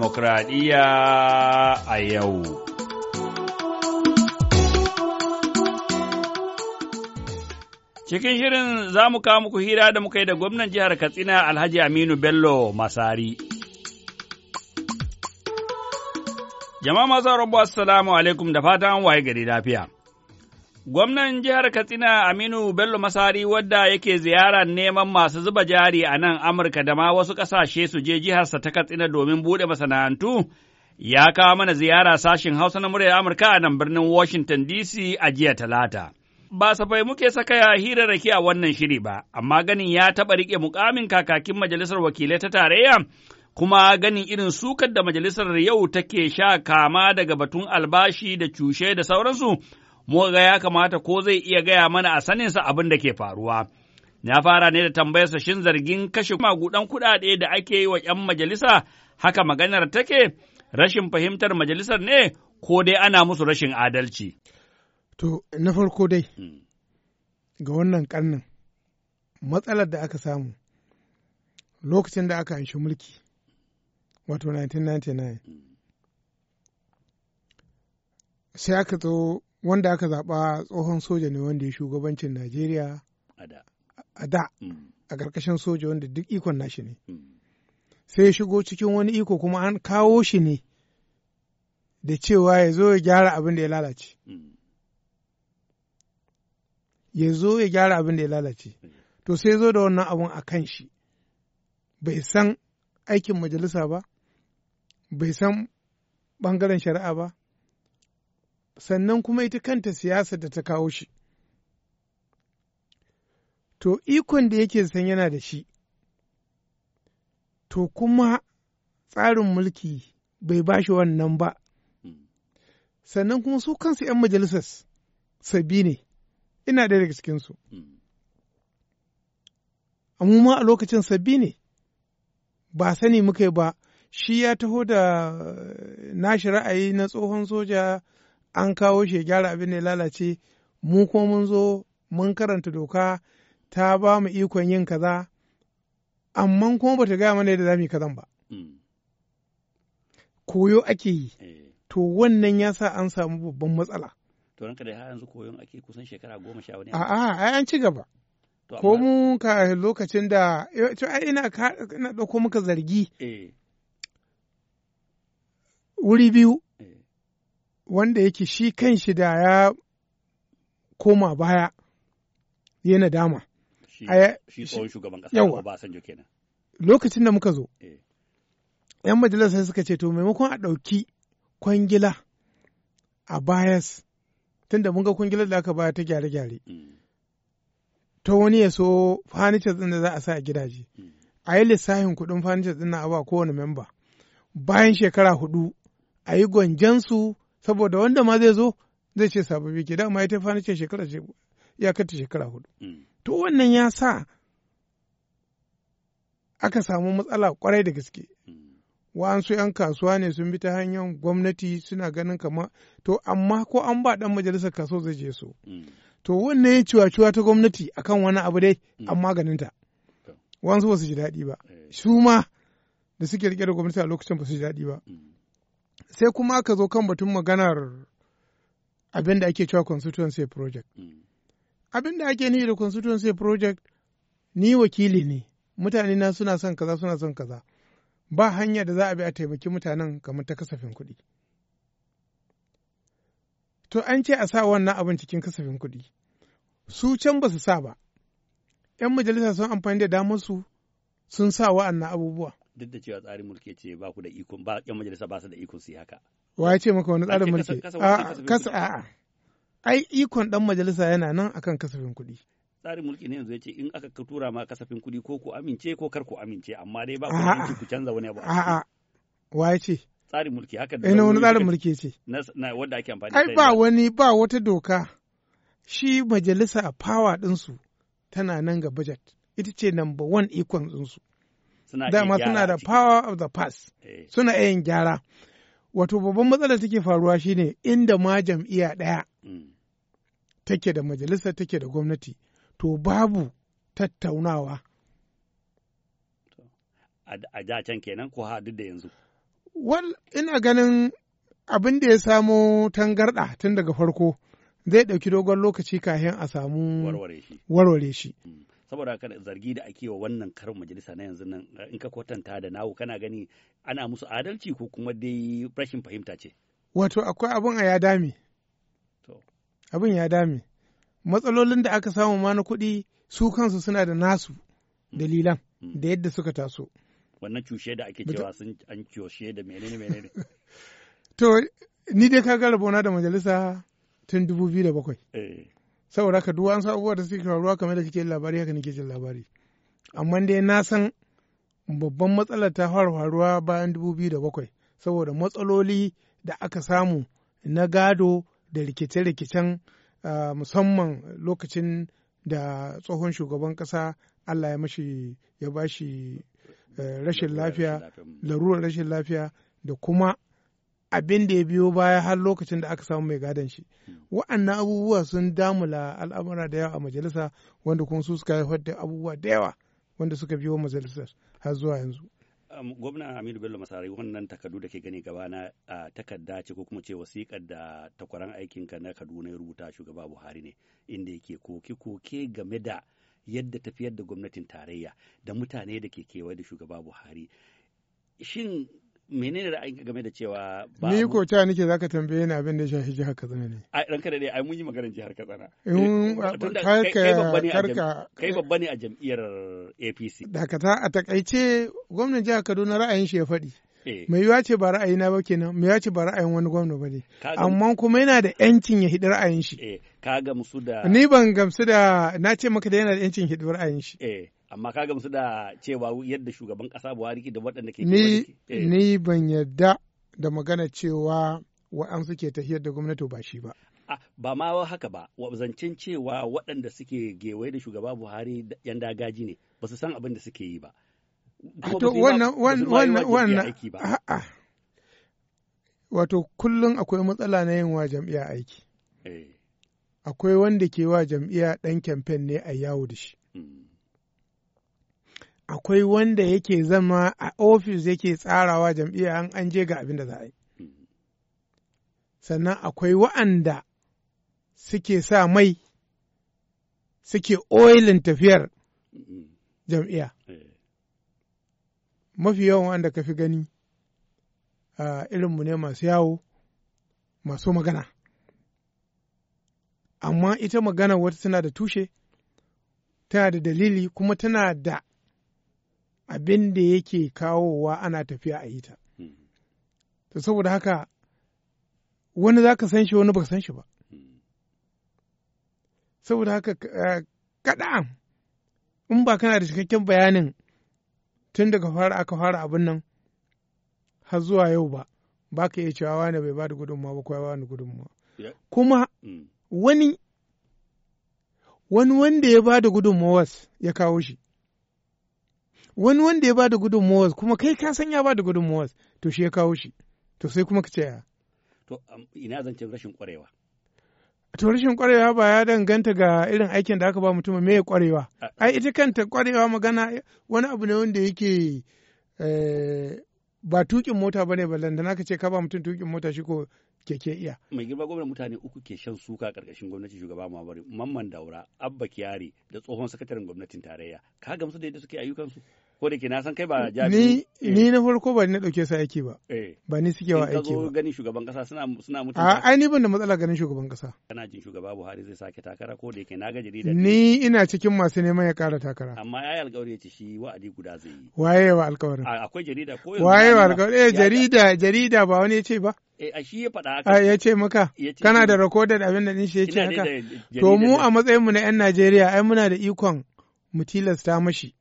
demokradiyya a yau. Cikin shirin za mu kawo muku hira da muka yi da gwamnan jihar Katsina Alhaji Aminu Bello Masari. Jama'a masu rabu assalamu alaikum da fatan waye gari lafiya. Gwamnan jihar Katsina Aminu Bello Masari wadda yake ziyarar neman masu zuba jari a nan Amurka da ma wasu ƙasashe su je jiharsa ta Katsina domin buɗe masana'antu, ya kawo mana ziyara sashin Hausa na muryar Amurka a nan birnin Washington DC a jiya Talata. Ba safai muke saka ya rake a wannan shiri ba, amma ganin ya taɓa riƙe muƙamin kakakin majalisar wakilai ta tarayya. kuma ganin irin sukar da majalisar yau take sha kama daga batun albashi da cushe da sauransu, muka ya kamata ko zai iya gaya mana a saninsa abin da ke faruwa. Na fara ne da tambayarsa shin zargin kashe magudan kuɗaɗe da ake yi wa ‘yan majalisa haka maganar take rashin fahimtar majalisar ne ko dai ana musu rashin adalci. To, na farko dai, hmm. ga wannan karnin matsalar da aka samu lokacin da aka anshi mulki, wato 1999, hmm. sai aka zo wanda aka zaɓa tsohon soja ne wanda ya shugabancin najeriya a da a mm. ƙarƙashin soja wanda duk ikon nashi ne mm. sai ya shigo cikin wani iko kuma an kawo shi ne da cewa ya zo ya gyara abin da ya lalace mm. ya zo ya gyara abin da ya lalace to sai zo da wannan abun a kan shi bai san aikin majalisa ba bai san ɓangaren shari'a ba sannan kuma ita kanta siyasa da ta kawo shi. To, ikon da yake san yana da shi, to kuma tsarin mulki bai ba shi wannan ba, sannan kuma su kansu ‘yan majalisar sabi ne, ina ɗaya daga cikinsu. Amma a lokacin sabi ne, ba sani muka ba, shi ya taho da eh, nashi ra'ayi na tsohon soja an kawo shi ya gyara abin da ya lalace mu ko mun zo mun karanta doka ta ba mu ikon yin kaza amma kuma bata gaya mana yadda za mu yi kazan ba hmm. koyo ake yi eh. to wannan ya sa an samu babban matsala to ranka da yanzu koyon ake kusan shekara goma sha wani a'a ai an ci gaba ko mu ka lokacin da eh, to ai ina ina dauko muka zargi eh. wuri biyu wanda yake shi kan shi da ya koma baya ya nadama. Shi tsohon shugaban ƙasa kenan. Lokacin da muka zo, eh. ‘yan majalisa suka ce, to maimakon a ɗauki kwangila a bayas, tun mun ga kwangilar da aka baya ta gyare-gyare. Mm. To wani ya so fanicas ɗin da za a sa a gidaje. Mm. A yi lissafin kuɗin furniture ɗin na a ba kowane memba. Bayan shekara hudu, a yi gwanjansu saboda wanda ma zai zo zai ce sababbi ke dama ita fa ce shekara ya kata shekara hudu mm. to wannan ya sa aka samu matsala kwarai da gaske mm. wa'ansu 'yan kasuwa ne sun bi ta hanyar gwamnati suna ganin kama to amma ko an ba dan majalisar kaso zai je so mm. to wannan ya ciwa-ciwa ta gwamnati akan wani abu dai an maganinta wa'ansu ba su ji daɗi ba eh. su ma da suke rike da gwamnati a lokacin ba su ji daɗi ba sai kuma ka zo kan batun maganar abin da ake cewa constituency project mm. abin da ake nufi da constituency project ni wakili ne mutane na suna son kaza suna son kaza ba hanya da za a bi a taimaki mutanen kamar ta kasafin kuɗi to an ce a sa wannan abin cikin kasafin kuɗi su can ba su sa ba ‘yan majalisa sun amfani da damar su sun sa wa'annan abubuwa duk da cewa tsarin mulki ce ba ku da iko ba yan majalisa ba su da iko su yi haka wa ya ce maka wani tsarin mulki kasa a'a ai ikon dan majalisa yana nan akan kasafin kuɗi tsarin mulki ne yanzu ya ce in aka tura ma kasafin kuɗi ko ku amince ko kar ku amince amma dai ba ku amince ku canza wani abu a'a wa ya ce tsarin mulki haka da ina eh, wani tsarin mulki ce na wanda ake amfani ai ba wani ba wata doka shi majalisa a power ɗinsu tana nan ga budget ita ce number one ikon ɗinsu dama suna da power of the past eh. suna iya yin gyara wato babban matsalar take faruwa shine inda ma jam'iyya ɗaya mm. take da majalisa take da gwamnati to babu tattaunawa a da can kenan ko ha duk da yanzu wal ina ganin abin da ya samo tangarɗa tun daga farko zai ɗauki dogon lokaci kafin a samu warware shi mm. saboda haka zargi da ake wa wannan karin majalisa na yanzu nan in ka kwatanta da nawo kana gani ana musu adalci ko kuma dai rashin fahimta ce wato akwai abin a ya dame abin ya dame matsalolin da aka samu ma na kuɗi su kansu suna da nasu mm. dalilan mm. da yadda suka taso wannan cushe da ake cewa sun an cushe da menene menene to ni dai ka ga rabona da majalisa tun dubu biyu da bakwai eh. saboda haka duk wasu abubuwa da suke faruwa kamar da kake labari haka nake jin labari amma dai na san babban matsalar ta fara faruwa bayan 2007 saboda matsaloli da aka samu na gado da rikice-rikicen musamman lokacin da tsohon shugaban ƙasa Allah ya mashi ya bashi eh, rashin lafiya larurar rashin lafiya da kuma abin da ya biyo baya har lokacin da aka samu mai gadon shi wa'annan abubuwa sun damula al'amura da yawa a majalisa wanda kuma su suka haifar da abubuwa da yawa wanda suka biyo majalisar har zuwa yanzu um, gwamna aminu bello masari wannan takardu da ke gani gaba na takarda ce ko kuma ce wasikar da takwaran ka na kaduna ya rubuta shugaba buhari ne inda yake koke koke game da yadda tafiyar da gwamnatin tarayya da mutane da ke kewaye da shugaba buhari shin menene ra'ayin game da cewa ba ni ko ta nake zaka tambaye ni abin da ya shafi jihar Katsina ne ai ranka da dai ai mun yi magana jihar Katsina kai babba ne a jam'iyyar APC ta a takaice gwamnan jihar Kaduna ra'ayin shi ya faɗi eh. mai yiwa ce ba na ba kenan mai yiwa ce ba ra'ayin wani gwamna ba ne amma kuma yana da yancin ya hidi ra'ayin shi eh, ka gamsu da ni ban gamsu da na ce maka da yana da yancin hidi ra'ayin shi eh. amma ka gamsu da cewa yadda shugaban ƙasa buhari da waɗanda ke ni eh. ni ban yadda da magana cewa wa'ansu ke tafiyar da gwamnati ba shi ba ba ma haka ba zancen cewa waɗanda suke gewaye da shugaba buhari yan dagaji ne ba su san abin da suke yi ba wato kullum akwai matsala na yin wa jam'iyya aiki eh. akwai wanda ke wa jam'iyya ɗan kyamfen ne a yawo da shi hmm. akwai wanda yake zama a ofis yake tsarawa jam'iyya an an je ga abin da za a yi sannan akwai wa'anda suke sa mai suke oilin tafiyar jam'iyya mafi yawan wa'anda ka fi gani irinmu ne masu yawo masu magana amma ita magana wata tana da tushe tana da dalili kuma tana da abin da yake kawowa ana tafiya a yi ta to saboda haka wani za ka san shi wani ba ka san shi ba saboda haka eh, kaɗan in ba kana da cikakken bayanin tun daga fara aka fara abin nan har zuwa yau ba ba ka iya cewa wani bai ba da gudunmawa ba kawai wani gudunmawa kuma mm. wani wani wanda ya ba da gudunmawas ya kawo shi wani wanda ya bada gudunmawar kuma kai ka san ya bada gudunmawar to shi ya kawo shi to sai kuma ka ce to ina ce rashin kwarewa to rashin kwarewa ba ya danganta ga irin aikin da aka ba mutum me ya kwarewa ai ita kanta kwarewa magana wani abu ne wanda yake eh, ba tukin mota bane ballan da naka ce ka ba mutum tukin mota shi ko keke iya mai girma gwamnati mutane uku ke shan suka karkashin gwamnati shugaba Muhammadu Mamman Daura Abba Kiyari da tsohon sakataren gwamnatin tarayya ka gamsu da yadda suke ayyukan su ko da ke na san kai ba jami'i ni eh. ni na farko ba ni na dauke su aiki ba eh. ba ni suke wa aiki ba ganin shugaban kasa suna suna mutunta a ai ni ban da matsala ganin shugaban kasa kana jin shugaba Buhari zai sake takara ko da yake na ga jarida ni ina cikin masu neman ya kara takara amma ai alƙawari yace shi wa'adi guda zai yi waye wa alƙawarin akwai jarida ko waye wa alƙawari eh jarida jarida ba wani yace ba eh a shi ya faɗa haka. ya ce maka kana da recorded abin da din shi yace haka. To mu a matsayin mu na 'yan Najeriya ai muna da ikon mu tilasta mashi.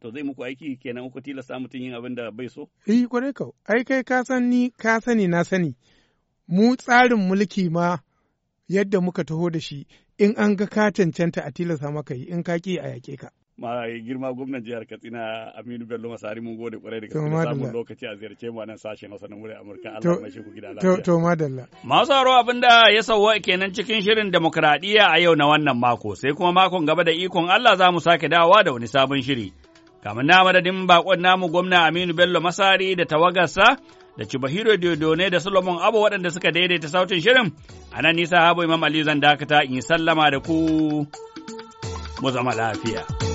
to zai muku aiki kenan ku tilasta mutum yin abin da bai so? Eh kwarai kau, ai kai ka sani ka sani na sani. Mu tsarin mulki ma yadda muka taho da shi in an ga ka cancanta a tilasta maka yi in ka ki a yaƙe ka. ma girma gwamnan jihar Katsina Aminu Bello Masari mun gode kwarai da gaske samun lokaci a ziyarce mu nan sashen Hausa na Murya Amurka Allah mashi ku gida lafiya. To madalla. Masu haro abinda ya sauwa kenan cikin shirin demokradiya a yau na wannan mako sai kuma makon gaba da ikon Allah za mu sake dawowa da wani sabon shiri. Kamar na madadin bakon namu gwamna Aminu Bello Masari da tawagarsa da Cibahiro Dodone da Solomon Abu waɗanda suka daidaita sautin shirin, a nan nisa habu Imam Ali zan dakata in sallama da ku mu zama lafiya.